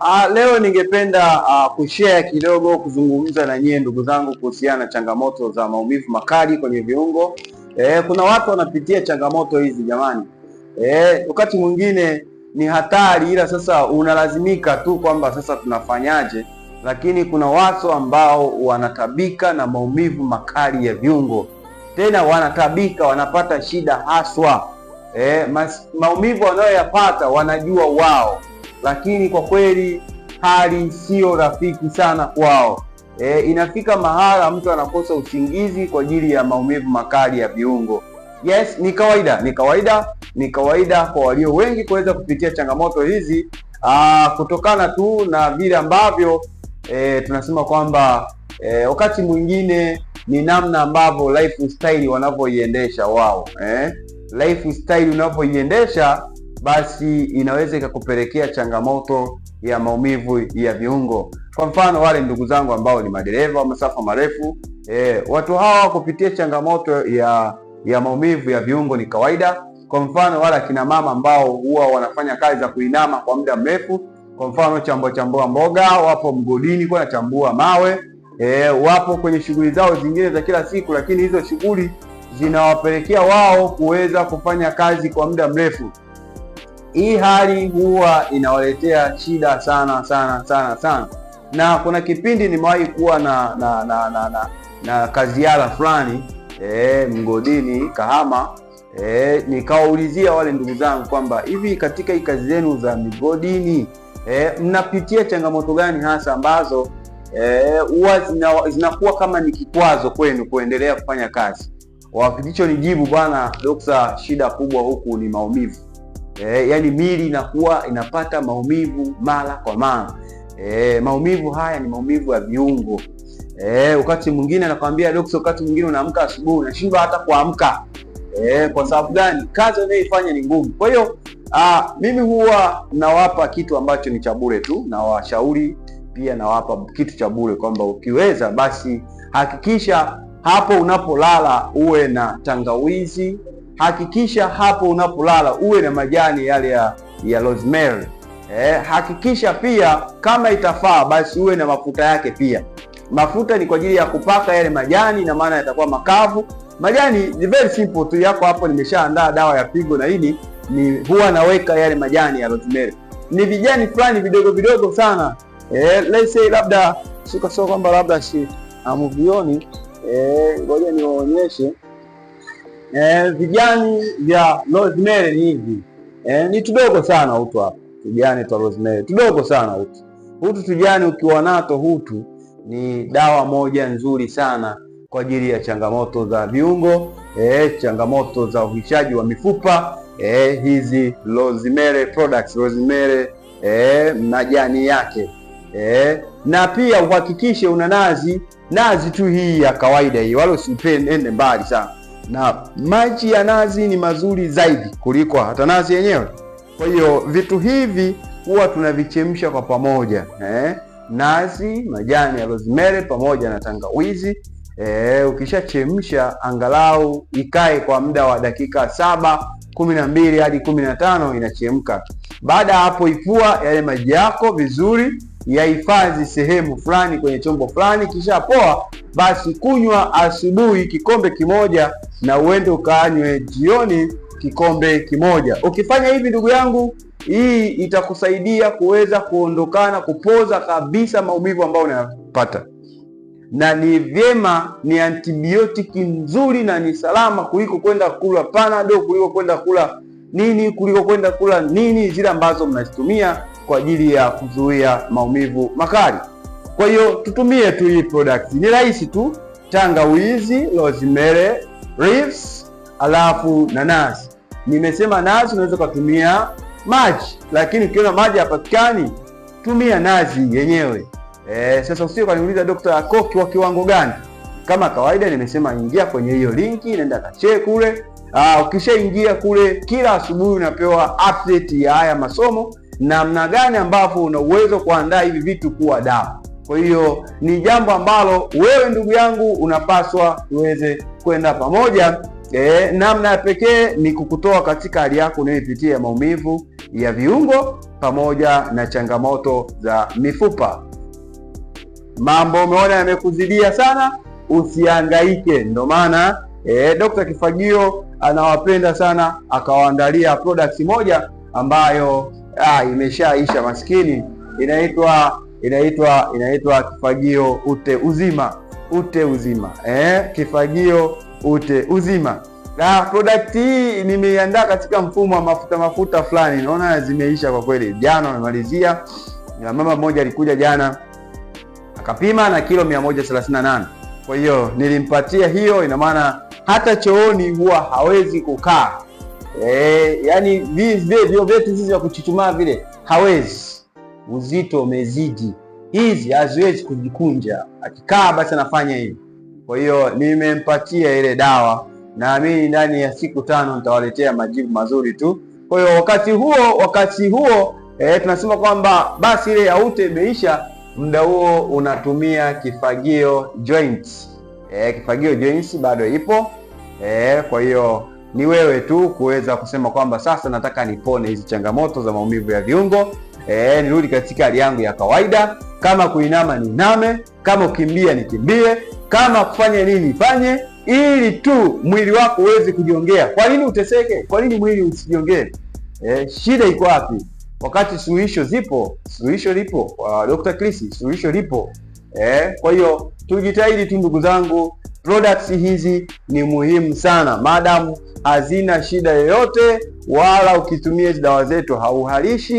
Uh, leo ningependa uh, kushare kidogo kuzungumza na nyie ndugu zangu kuhusiana na changamoto za maumivu makali kwenye viungo. Eh, kuna watu wanapitia changamoto hizi jamani. Eh, wakati mwingine ni hatari, ila sasa unalazimika tu kwamba sasa tunafanyaje, lakini kuna watu ambao wanatabika na maumivu makali ya viungo, tena wanatabika, wanapata shida haswa. Eh, maumivu wanayoyapata wanajua wao lakini kwa kweli hali sio rafiki sana kwao. E, inafika mahala mtu anakosa usingizi kwa ajili ya maumivu makali ya viungo. Yes, ni kawaida, ni kawaida, ni kawaida kwa walio wengi kuweza kupitia changamoto hizi aa, kutokana tu na vile ambavyo e, tunasema kwamba e, wakati mwingine ni namna ambavyo lifestyle wanavyoiendesha wao, eh? Lifestyle unavyoiendesha basi inaweza ikakupelekea changamoto ya maumivu ya viungo. Kwa mfano wale ndugu zangu ambao ni madereva wa masafa marefu e, watu hawa kupitia changamoto ya ya maumivu ya viungo ni kawaida. Kwa mfano wale akina mama ambao huwa wanafanya kazi za kuinama kwa muda mrefu, kwa mfano chambua chambua mboga, wapo mgodini kwa chambua mawe e, wapo kwenye shughuli zao zingine za kila siku, lakini hizo shughuli zinawapelekea wao kuweza kufanya kazi kwa muda mrefu. Hii hali huwa inawaletea shida sana sana sana sana, na kuna kipindi nimewahi kuwa na na na na, na, na kaziara fulani e, mgodini Kahama e, nikawaulizia wale ndugu zangu kwamba hivi katika hii kazi zenu za migodini e, mnapitia changamoto gani hasa ambazo huwa e, zinakuwa kama ni kikwazo kwenu kuendelea kufanya kazi? Wakilicho nijibu bwana Dokta, shida kubwa huku ni maumivu e, yani mili inakuwa inapata maumivu mara kwa mara e, maumivu haya ni maumivu ya viungo e, wakati mwingine anakwambia dokta, wakati mwingine unaamka asubuhi unashindwa hata kuamka e, kwa sababu gani? Kazi unayoifanya ni ngumu. Kwa hiyo ah, mimi huwa nawapa kitu ambacho ni cha bure tu, na washauri pia nawapa kitu cha bure kwamba ukiweza basi hakikisha hapo unapolala uwe na tangawizi hakikisha hapo unapolala uwe na majani yale ya ya rosemary. Eh, hakikisha pia kama itafaa basi uwe na mafuta yake pia. Mafuta ni kwa ajili ya kupaka yale majani, na maana yatakuwa makavu. Majani ni very simple tu, yako hapo. Nimeshaandaa dawa ya pigo na hili ni huwa naweka yale majani ya rosemary, ni vijani fulani vidogo vidogo sana eh, let's say labda sio kwamba labda si amuvioni, eh, ngoja eh, niwaonyeshe eh, vijani vya rosemary ni hivi eh, ni tudogo sana hutu hapa, tujani twa rosemary tudogo sana hutu hutu, tujani ukiwa nato hutu ni dawa moja nzuri sana kwa ajili ya changamoto za viungo eh, changamoto za uhishaji wa mifupa eh, hizi rosemary products, rosemary eh, majani yake eh, na pia uhakikishe una nazi nazi tu hii ya kawaida hii, wala usiende mbali sana na maji ya nazi ni mazuri zaidi kuliko hata nazi yenyewe. Kwa hiyo vitu hivi huwa tunavichemsha kwa pamoja eh? Nazi, majani ya rosemary pamoja na tangawizi eh, ukishachemsha angalau ikae kwa muda wa dakika saba kumi na mbili hadi kumi na tano inachemka. Baada ya hapo, ifua yale maji yako vizuri yahifadhi sehemu fulani kwenye chombo fulani, kisha poa, basi kunywa asubuhi kikombe kimoja na uende ukaanywe jioni kikombe kimoja. Ukifanya hivi ndugu yangu, hii itakusaidia kuweza kuondokana, kupoza kabisa maumivu ambayo unayapata, na ni vyema, ni antibiotiki nzuri na ni salama kuliko kwenda kula panado, kuliko kwenda kula nini, kuliko kwenda kula nini zile ambazo mnazitumia kwa ajili ya kuzuia maumivu makali. Kwa hiyo tutumie tu hii product, ni rahisi tu, tangawizi, rosemary leaves, alafu na nazi. Nimesema nazi unaweza ukatumia maji, lakini ukiona maji hapatikani tumia nazi yenyewe. E, sasa usio kaniuliza Dr. Akoki wa kiwango gani? Kama kawaida nimesema ingia kwenye hiyo linki, nenda kachee kule. Ah, ukishaingia kule, kila asubuhi unapewa update ya haya masomo namna gani ambavyo una uwezo kuandaa hivi vitu kuwa dawa. Kwa hiyo ni jambo ambalo wewe ndugu yangu unapaswa tuweze kwenda pamoja. E, namna ya pekee ni kukutoa katika hali yako unayoipitia ya maumivu ya viungo pamoja na changamoto za mifupa. Mambo umeona yamekuzidia sana, usiangaike Ndio maana e, Dr. Kifagio anawapenda sana akawaandalia products moja ambayo ah, imeshaisha maskini. Inaitwa inaitwa inaitwa kifagio ute uzima, ute uzima eh, kifagio ute uzima. Na product hii nimeiandaa katika mfumo wa mafuta mafuta fulani, naona zimeisha kwa kweli. Jana wamemalizia, na mama mmoja alikuja jana akapima na kilo 138 kwa hiyo nilimpatia hiyo. Ina maana hata chooni huwa hawezi kukaa Eh, yani vile vio vyetu hivi vya kuchuchumaa vile hawezi, uzito umezidi, hizi haziwezi kujikunja. Akikaa basi anafanya hivi. Kwa hiyo nimempatia ile dawa, naamini ndani ya siku tano nitawaletea majibu mazuri tu. Kwa hiyo wakati huo wakati huo eh, tunasema kwamba basi ile yaute imeisha, muda huo unatumia kifagio joint. Eh, kifagio joint bado ipo eh, kwa hiyo ni wewe tu kuweza kusema kwamba sasa nataka nipone hizi changamoto za maumivu ya viungo e, nirudi katika hali yangu ya kawaida. Kama kuinama name kama kukimbia nikimbie, kama kufanya nini fanye ili tu mwili wako uweze kujiongea. Kwa nini uteseke? Kwa nini mwili usijiongee? E, shida iko wapi? Wakati suluhisho zipo, suluhisho lipo. Uh, ah, Dr. Chris, suluhisho lipo. e, kwa hiyo tujitahidi tu ndugu zangu Products hizi ni muhimu sana, madamu hazina shida yoyote, wala ukitumia hizi dawa zetu hauharishi.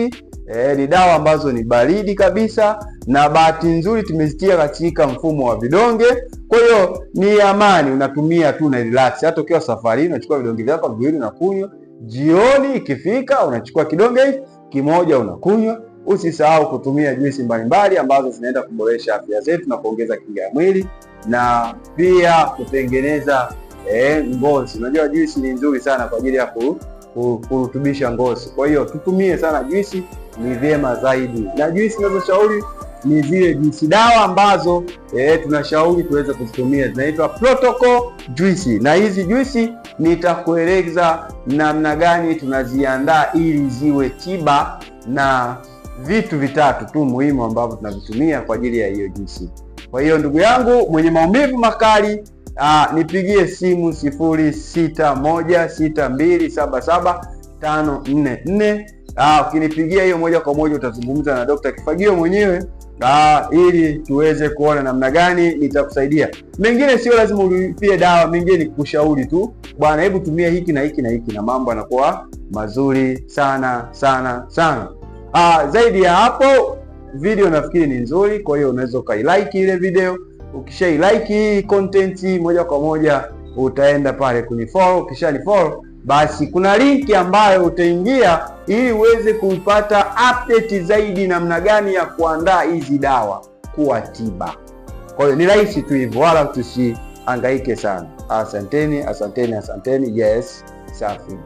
E, eh, ni dawa ambazo ni baridi kabisa, na bahati nzuri tumezitia katika mfumo wa vidonge. Kwa hiyo ni amani, unatumia tu na relax. Hata ukiwa safari unachukua vidonge vyako viwili unakunywa, jioni ikifika unachukua kidonge kimoja unakunywa. Usisahau kutumia juisi mbalimbali ambazo zinaenda kuboresha afya zetu na kuongeza kinga ya mwili na pia kutengeneza eh, ngozi. Unajua juisi ni nzuri sana kwa ajili ya kurutubisha ngozi, kwa hiyo tutumie sana juisi, ni vyema zaidi. Na juisi ninazoshauri ni zile juisi dawa ambazo eh, tunashauri tuweze kuzitumia zinaitwa protocol juisi, na hizi juisi nitakueleza namna gani tunaziandaa ili ziwe tiba na vitu vitatu tu muhimu ambavyo tunavitumia kwa ajili ya hiyo juisi. Kwa hiyo ndugu yangu mwenye maumivu makali aa, ah, nipigie simu 0616277544. Ah, ukinipigia hiyo moja kwa moja utazungumza na Dr. Kifagio mwenyewe aa, ah, ili tuweze kuona namna gani nitakusaidia. Mengine sio lazima ulipie dawa, mengine ni kushauri tu, bwana, hebu tumia hiki na hiki na hiki, na mambo yanakuwa mazuri sana sana sana. Aa, zaidi ya hapo video nafikiri ni nzuri, kwa hiyo unaweza ukailike ile video. ukisha Ukishailike hii content hii, moja kwa moja utaenda pale kunifollow. Ukishanifollow basi kuna linki ambayo utaingia ili uweze kuipata update zaidi, namna gani ya kuandaa hizi dawa kuwa tiba. Kwa hiyo ni rahisi tu hivyo, wala tusihangaike sana. Asanteni, asanteni, asanteni. Yes, safi.